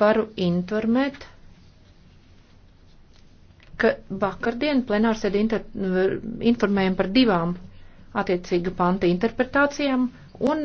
varu informēt, ka vakardien plenārsēdi informējam par divām attiecīga panta interpretācijām un